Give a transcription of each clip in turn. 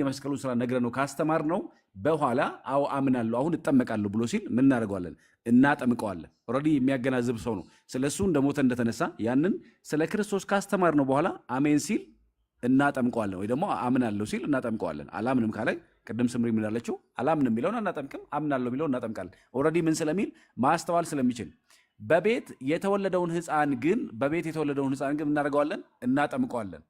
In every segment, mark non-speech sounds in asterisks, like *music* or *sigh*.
የመስቀሉን ስራ ነግረ ነው ካስተማር ነው በኋላ አዎ አምናለሁ አሁን እጠመቃለሁ ብሎ ሲል ምን እናደርገዋለን? እናጠምቀዋለን። ኦልሬዲ የሚያገናዝብ ሰው ነው። ስለ እሱ እንደሞተ እንደተነሳ ያንን ስለ ክርስቶስ ካስተማር ነው በኋላ አሜን ሲል እናጠምቀዋለን፣ ወይ ደግሞ አምናለሁ ሲል እናጠምቀዋለን። አላምንም ካላይ ቅድም ስምሪ ምናለችው አላምንም የሚለውን አናጠምቅም፣ አምናለሁ የሚለውን እናጠምቃለን። ኦልሬዲ ምን ስለሚል ማስተዋል ስለሚችል በቤት የተወለደውን ህፃን ግን በቤት የተወለደውን ህፃን ግን እናደርገዋለን፣ እናጠምቀዋለን።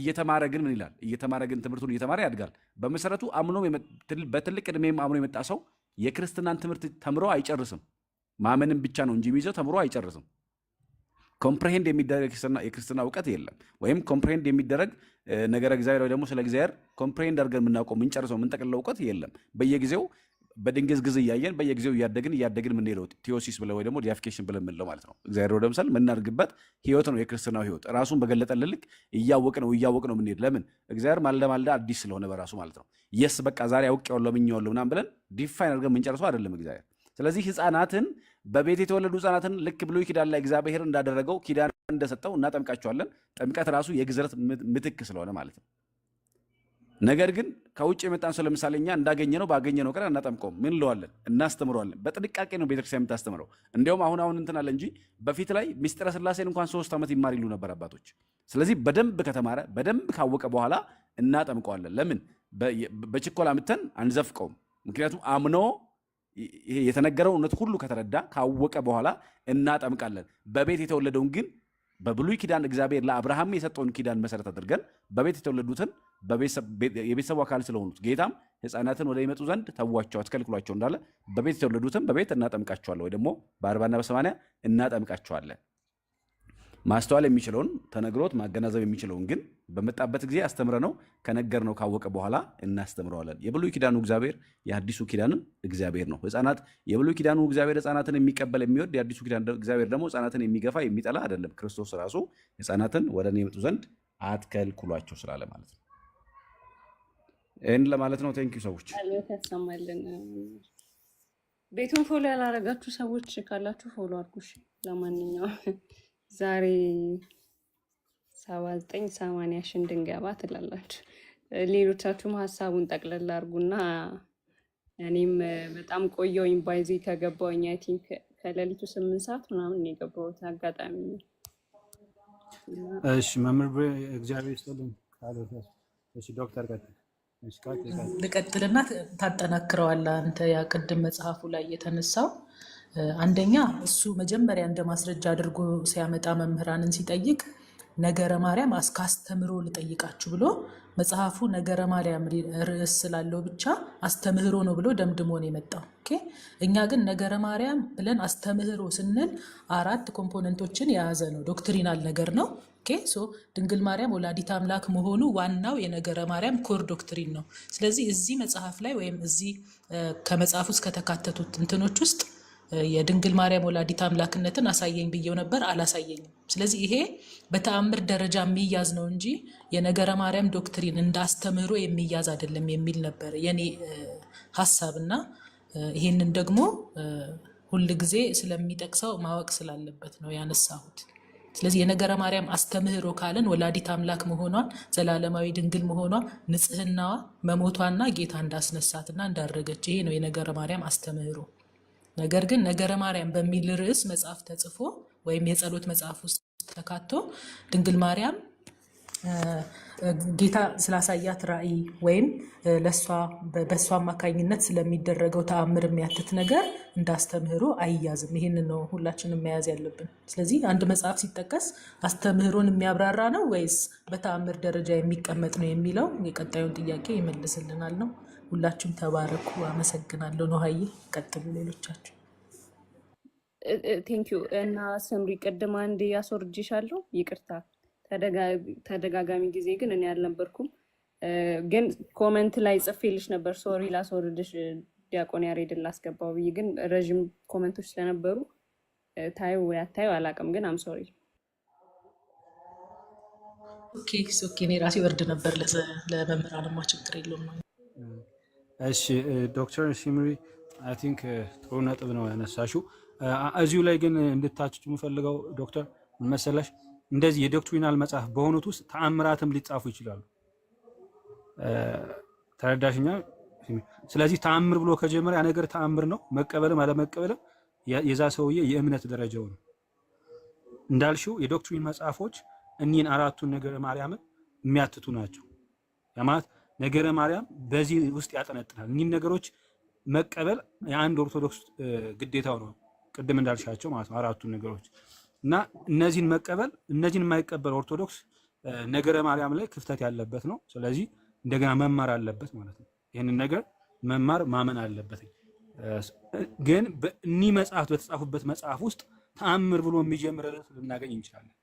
እየተማረ ግን ምን ይላል? እየተማረ ግን ትምህርቱን እየተማረ ያድጋል። በመሰረቱ አምኖ በትልቅ ዕድሜም አምኖ የመጣ ሰው የክርስትናን ትምህርት ተምሮ አይጨርስም። ማመንም ብቻ ነው እንጂ የሚይዘው ተምሮ አይጨርስም። ኮምፕሬሄንድ የሚደረግ የክርስትና እውቀት የለም። ወይም ኮምፕሬሄንድ የሚደረግ ነገረ እግዚአብሔር ወይ ደግሞ ስለ እግዚአብሔር ኮምፕሬሄንድ አድርገን የምናውቀው የምንጨርሰው የምንጠቅልለው እውቀት የለም። በየጊዜው በድንግዝግዝ እያየን በየጊዜው እያደግን እያደግን የምንሄደው ቴዎሲስ ብለ ወይ ደግሞ ዲያፊኬሽን ብለ የምንለው ማለት ነው። እግዚአብሔር ወደ ምሳሌ የምናድግበት ህይወት ነው። የክርስትናው ህይወት ራሱን በገለጠልን ልክ እያወቅ ነው እያወቅ ነው የምንሄድ። ለምን እግዚአብሔር ማልዳ ማልዳ አዲስ ስለሆነ በራሱ ማለት ነው። የስ በቃ ዛሬ አውቄዋለሁ ምኜዋለሁ ምናምን ብለን ዲፋይን አድርገን የምንጨርሰው አይደለም እግዚአብሔር። ስለዚህ ህፃናትን በቤት የተወለዱ ህፃናትን ልክ ብሎ ኪዳን ላይ እግዚአብሔር እንዳደረገው ኪዳን እንደሰጠው እናጠምቃቸዋለን። ጥምቀት ራሱ የግዝረት ምትክ ስለሆነ ማለት ነው። ነገር ግን ከውጭ የመጣን ሰው ለምሳሌ እኛ እንዳገኘ ነው ባገኘ ነው ቀር አናጠምቀውም። ምን እንለዋለን? እናስተምረዋለን። በጥንቃቄ ነው ቤተክርስቲያን የምታስተምረው። እንዲሁም አሁን አሁን እንትን አለ እንጂ በፊት ላይ ሚስጥረ ስላሴን እንኳን ሶስት ዓመት ይማር ይሉ ነበር አባቶች። ስለዚህ በደንብ ከተማረ በደንብ ካወቀ በኋላ እናጠምቀዋለን። ለምን በችኮላ ምተን አንዘፍቀውም። ምክንያቱም አምኖ የተነገረው እውነት ሁሉ ከተረዳ ካወቀ በኋላ እናጠምቃለን። በቤት የተወለደውን ግን በብሉይ ኪዳን እግዚአብሔር ለአብርሃም የሰጠውን ኪዳን መሰረት አድርገን በቤት የተወለዱትን የቤተሰቡ አካል ስለሆኑት ጌታም ህፃናትን ወደ ይመጡ ዘንድ ተዋቸው፣ አስከልክሏቸው እንዳለ በቤት የተወለዱትን በቤት እናጠምቃቸዋለን ወይ ደግሞ በአርባና በሰማንያ እናጠምቃቸዋለን። ማስተዋል የሚችለውን ተነግሮት ማገናዘብ የሚችለውን ግን በመጣበት ጊዜ አስተምረ ነው ከነገር ነው ካወቀ በኋላ እናስተምረዋለን። የብሉይ ኪዳኑ እግዚአብሔር የአዲሱ ኪዳንን እግዚአብሔር ነው። ህጻናት የብሉይ ኪዳኑ እግዚአብሔር ህፃናትን የሚቀበል የሚወድ፣ የአዲሱ ኪዳን እግዚአብሔር ደግሞ ህፃናትን የሚገፋ የሚጠላ አይደለም። ክርስቶስ ራሱ ህፃናትን ወደ እኔ ይመጡ ዘንድ አትከልክሏቸው ስላለ ማለት ነው። ይህን ለማለት ነው። ቴንኪዩ ሰዎች ቤቱን ፎሎ ያላረጋችሁ ሰዎች ካላችሁ ፎሎ አድርጉ። ለማንኛውም ዛሬ ሰባ ዘጠኝ ሰማንያ ሺህ እንድንገባ ትላላችሁ። ሌሎቻችሁም ሀሳቡን ጠቅለላ አድርጉና እኔም በጣም ቆየውኝ ባይዚ ከገባውኝ አይ ቲንክ ከሌሊቱ ስምንት ሰዓት ምናምን የገባሁት አጋጣሚ እሺ መምህር እግዚአብሔር ይስጥልኝ። እሺ ዶክተር ልቀጥልና ታጠናክረዋለህ አንተ ያ ቅድም መጽሐፉ ላይ የተነሳው አንደኛ እሱ መጀመሪያ እንደ ማስረጃ አድርጎ ሲያመጣ መምህራንን ሲጠይቅ ነገረ ማርያም አስተምህሮ ልጠይቃችሁ ብሎ መጽሐፉ ነገረ ማርያም ርዕስ ስላለው ብቻ አስተምህሮ ነው ብሎ ደምድሞ ነው የመጣው። እኛ ግን ነገረ ማርያም ብለን አስተምህሮ ስንል አራት ኮምፖነንቶችን የያዘ ነው። ዶክትሪናል ነገር ነው። ድንግል ማርያም ወላዲት አምላክ መሆኑ ዋናው የነገረ ማርያም ኮር ዶክትሪን ነው። ስለዚህ እዚህ መጽሐፍ ላይ ወይም እዚህ ከመጽሐፍ ውስጥ ከተካተቱት እንትኖች ውስጥ የድንግል ማርያም ወላዲት አምላክነትን አሳየኝ ብየው ነበር፣ አላሳየኝም። ስለዚህ ይሄ በተአምር ደረጃ የሚያዝ ነው እንጂ የነገረ ማርያም ዶክትሪን እንዳስተምህሮ የሚያዝ አይደለም የሚል ነበር የኔ ሀሳብ እና ይህንን ደግሞ ሁል ጊዜ ስለሚጠቅሰው ማወቅ ስላለበት ነው ያነሳሁት። ስለዚህ የነገረ ማርያም አስተምህሮ ካለን ወላዲት አምላክ መሆኗን፣ ዘላለማዊ ድንግል መሆኗ፣ ንጽህናዋ፣ መሞቷና ጌታ እንዳስነሳትና እንዳረገች ይሄ ነው የነገረ ማርያም አስተምህሮ። ነገር ግን ነገረ ማርያም በሚል ርዕስ መጽሐፍ ተጽፎ ወይም የጸሎት መጽሐፍ ውስጥ ተካቶ ድንግል ማርያም ጌታ ስላሳያት ራእይ ወይም በእሷ አማካኝነት ስለሚደረገው ተአምር የሚያትት ነገር እንዳስተምህሮ አይያዝም። ይህንን ነው ሁላችንም መያዝ ያለብን። ስለዚህ አንድ መጽሐፍ ሲጠቀስ አስተምህሮን የሚያብራራ ነው ወይስ በተአምር ደረጃ የሚቀመጥ ነው የሚለው የቀጣዩን ጥያቄ ይመልስልናል ነው። ሁላችሁም ተባረኩ። አመሰግናለሁ። ነሀዬ ቀጥሉ ሌሎቻችሁ። ቴንኪዩ እና ስምሪ ቅድም አንድ ያስወርጅሻለሁ፣ ይቅርታ ተደጋጋሚ ጊዜ ግን እኔ አልነበርኩም፣ ግን ኮመንት ላይ ጽፌልሽ ነበር። ሶሪ ላስወርድሽ ዲያቆን ያሬድን ላስገባው ብዬ ግን ረዥም ኮመንቶች ስለነበሩ ታዩ ያታዩ አላውቅም፣ ግን አም ሶሪ። ኦኬ ኦኬ። እኔ ራሴ ወርድ ነበር ለመምህራንማ ችግር የለውም። እሺ ዶክተር ሲምሪ አይ ቲንክ ጥሩ ነጥብ ነው ያነሳሽው። እዚሁ ላይ ግን እንድታችች የምፈልገው ዶክተር መሰለሽ እንደዚህ የዶክትሪናል መጽሐፍ በሆኑት ውስጥ ተአምራትም ሊጻፉ ይችላሉ። ተረዳሽኛ? ስለዚህ ተአምር ብሎ ከጀመረ ያ ነገር ተአምር ነው። መቀበልም አለመቀበልም የዛ ሰውዬ የእምነት ደረጃው ነው። እንዳልሽው የዶክትሪን መጽሐፎች እኒህን አራቱን ነገር ማርያምን የሚያትቱ ናቸው። ነገረ ማርያም በዚህ ውስጥ ያጠነጥናል። እኒህን ነገሮች መቀበል የአንድ ኦርቶዶክስ ግዴታው ነው፣ ቅድም እንዳልሻቸው ማለት ነው አራቱን ነገሮች እና እነዚህን መቀበል እነዚህን የማይቀበል ኦርቶዶክስ ነገረ ማርያም ላይ ክፍተት ያለበት ነው። ስለዚህ እንደገና መማር አለበት ማለት ነው። ይህንን ነገር መማር ማመን አለበት። ግን እኒህ መጽሐፍት በተጻፉበት መጽሐፍ ውስጥ ተአምር ብሎ የሚጀምር ልናገኝ እንችላለን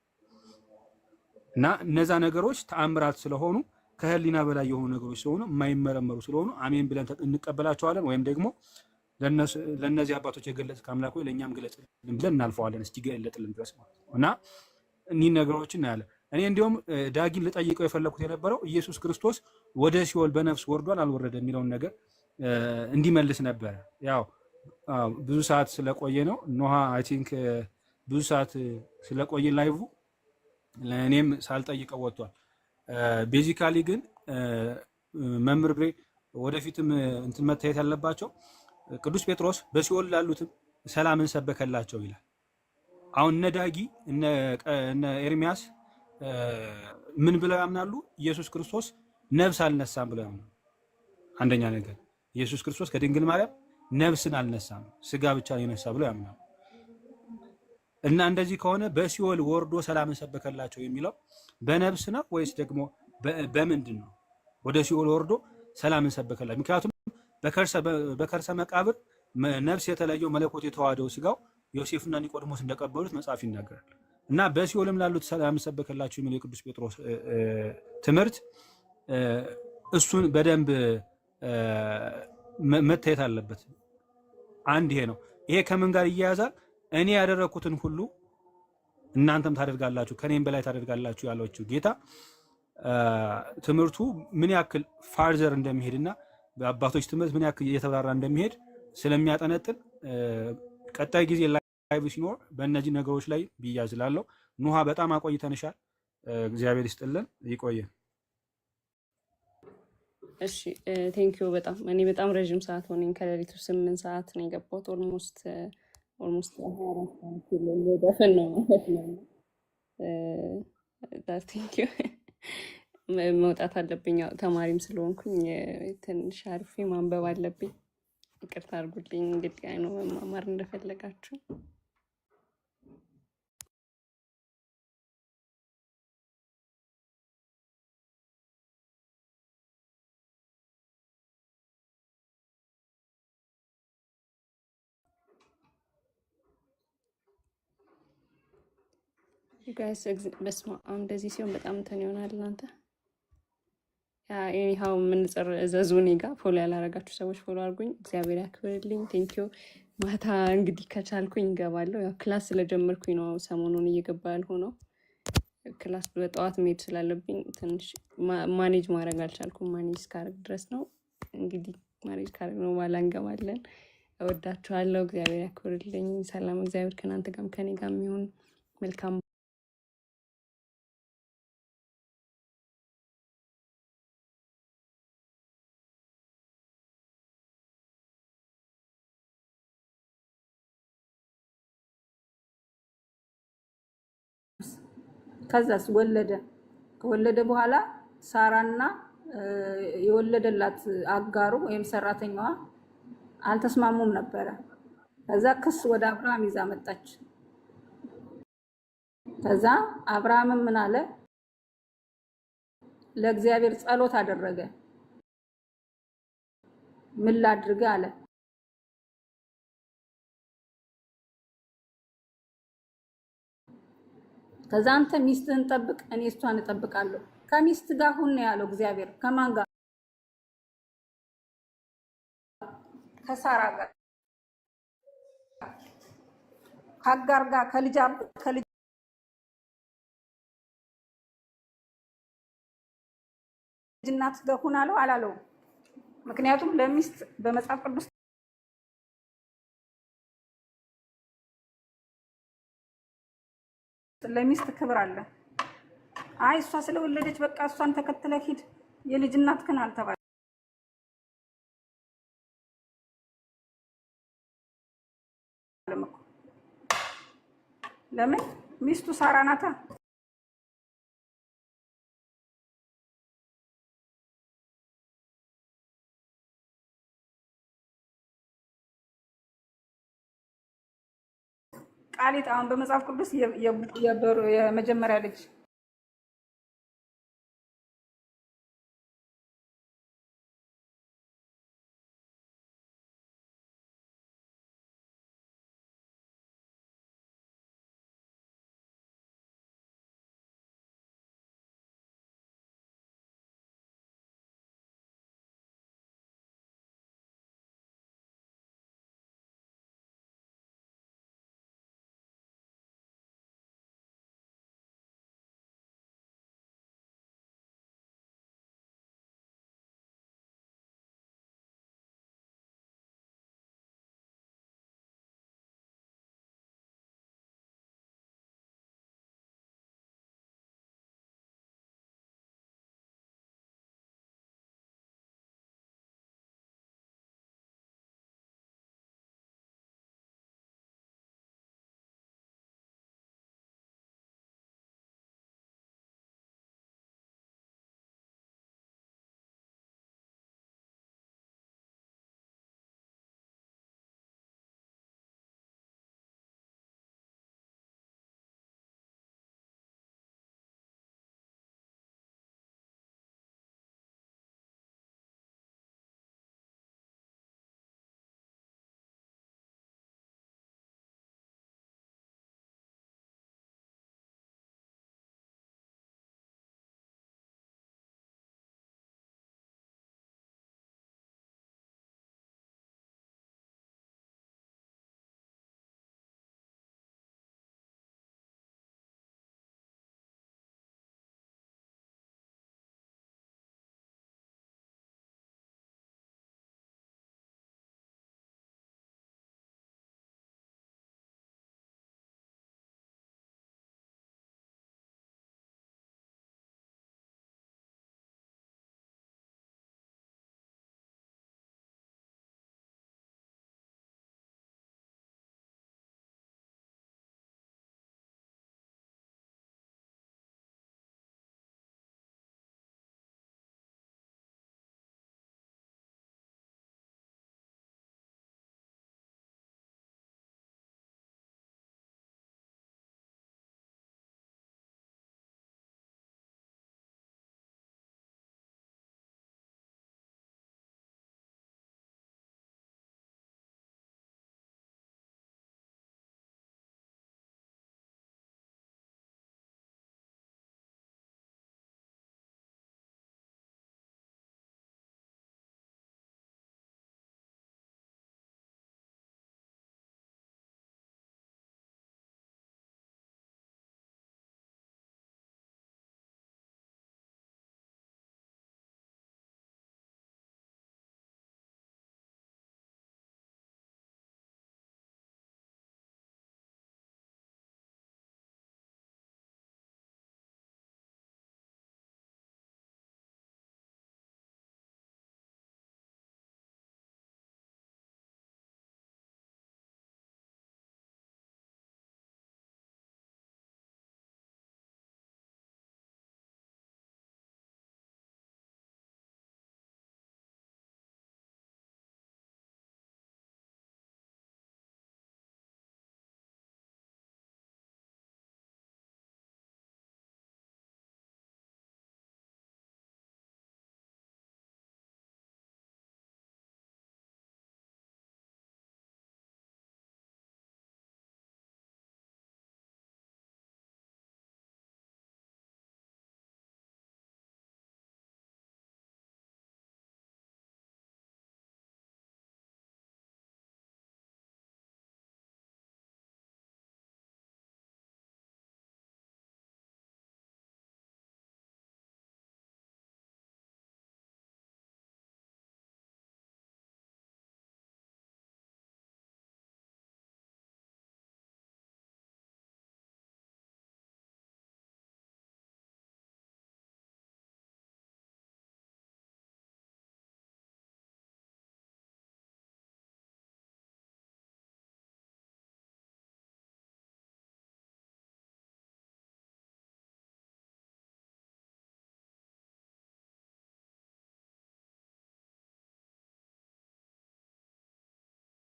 እና እነዛ ነገሮች ተአምራት ስለሆኑ ከህሊና በላይ የሆኑ ነገሮች ስለሆኑ የማይመረመሩ ስለሆኑ አሜን ብለን እንቀበላቸዋለን። ወይም ደግሞ ለእነዚህ አባቶች የገለጽ ከአምላክ ለእኛም ገለጽልን ብለን እናልፈዋለን። እስቲ ገለጥልን ድረስ ማለት ነው እና እኒህ ነገሮች እናያለን። እኔ እንዲሁም ዳጊን ልጠይቀው የፈለኩት የነበረው ኢየሱስ ክርስቶስ ወደ ሲኦል በነፍስ ወርዷል አልወረደ የሚለውን ነገር እንዲመልስ ነበረ። ያው ብዙ ሰዓት ስለቆየ ነው ኖሃ አይ ቲንክ ብዙ ሰዓት ስለቆየ ላይቭ እኔም ሳልጠይቀው ወጥቷል። ቤዚካሊ ግን መምህር ብሬ ወደፊትም እንትን መታየት ያለባቸው ቅዱስ ጴጥሮስ በሲኦል ላሉትም ሰላምን ሰበከላቸው ይላል። አሁን እነ ዳጊ እነ ኤርሚያስ ምን ብለው ያምናሉ? ኢየሱስ ክርስቶስ ነፍስ አልነሳም ብለው ያምናሉ። አንደኛ ነገር ኢየሱስ ክርስቶስ ከድንግል ማርያም ነፍስን አልነሳም፣ ስጋ ብቻ ነው የነሳ ብለው ያምናሉ። እና እንደዚህ ከሆነ በሲኦል ወርዶ ሰላም ሰበከላቸው የሚለው በነብስ ነው ወይስ ደግሞ በምንድን ነው? ወደ ሲኦል ወርዶ ሰላም ሰበከላቸው። ምክንያቱም በከርሰ መቃብር ነብስ የተለየው መለኮት የተዋህደው ስጋው ዮሴፍና ኒቆድሞስ እንደቀበሉት መጽሐፍ ይናገራል። እና በሲኦልም ላሉት ሰላም ሰበከላቸው የሚለው የቅዱስ ጴጥሮስ ትምህርት እሱን በደንብ መታየት አለበት። አንድ ይሄ ነው። ይሄ ከምን ጋር ይያያዛል? እኔ ያደረኩትን ሁሉ እናንተም ታደርጋላችሁ ከኔም በላይ ታደርጋላችሁ ያለችው ጌታ ትምህርቱ ምን ያክል ፋርዘር እንደሚሄድና በአባቶች ትምህርት ምን ያክል እየተብራራ እንደሚሄድ ስለሚያጠነጥን ቀጣይ ጊዜ ላይቭ ሲኖር በእነዚህ ነገሮች ላይ ብያዝ እላለሁ። ኑሃ በጣም አቆይተንሻል። እግዚአብሔር ይስጥልን፣ ይቆየን። እሺ ቴንኪዩ በጣም እኔ በጣም ረዥም ሰዓት ሆነኝ። ከሌሊቱ ስምንት ሰዓት ነው የገባሁት ኦልሞስት ኦልሞስት ሀያ ነው ማለት ነው። ቲንክ *laughs* መውጣት አለብኝ። ተማሪም ስለሆንኩኝ ትንሽ አርፌ ማንበብ አለብኝ። ይቅርታ አድርጉልኝ። እንግዲህ አይኖ መማማር እንደፈለጋችሁ ጋይስ በስማ እንደዚህ ሲሆን በጣም እንትን ይሆናል። እናንተ ኒሃው የምንጽር እዘዙ። እኔ ጋ ፎሎ ያላረጋችሁ ሰዎች ፎሎ አድርጉኝ። እግዚአብሔር ያክብርልኝ። ቴንኪዩ። ማታ እንግዲህ ከቻልኩኝ እገባለሁ። ያው ክላስ ስለጀመርኩኝ ነው ሰሞኑን እየገባ ያልሆነው። ክላስ በጠዋት መሄድ ስላለብኝ ትንሽ ማኔጅ ማድረግ አልቻልኩም። ማኔጅ እስካደርግ ድረስ ነው እንግዲህ ማኔጅ ካደርግ ነው በኋላ እንገባለን። እወዳችኋለሁ። እግዚአብሔር ያክብርልኝ። ሰላም። እግዚአብሔር ከእናንተ ጋርም ከኔ ጋርም ይሁን። መልካም ከዛስ ወለደ። ከወለደ በኋላ ሳራና የወለደላት አጋሩ ወይም ሰራተኛዋ አልተስማሙም ነበረ። ከዛ ክስ ወደ አብርሃም ይዛ መጣች። ከዛ አብርሃምም ምን አለ? ለእግዚአብሔር ጸሎት አደረገ። ምን ላድርግ አለ ከዛ አንተ ሚስትህን ጠብቅ፣ እኔ እሷን እጠብቃለሁ። ከሚስት ጋር ሁን ነው ያለው እግዚአብሔር። ከማን ጋር? ከሳራ ጋር፣ ከአጋር ጋር፣ ከልጅ ከልጅ እናት ጋር ሁን አለው አላለውም? ምክንያቱም ለሚስት በመጽሐፍ ቅዱስ ለሚስት ክብር አለ። አይ እሷ ስለወለደች በቃ እሷን ተከትለ ሂድ የልጅ እናት ክን አልተባለ ለምን ሚስቱ ሳራ ናታ። ጣሊት አሁን በመጽሐፍ ቅዱስ የመጀመሪያ ልጅ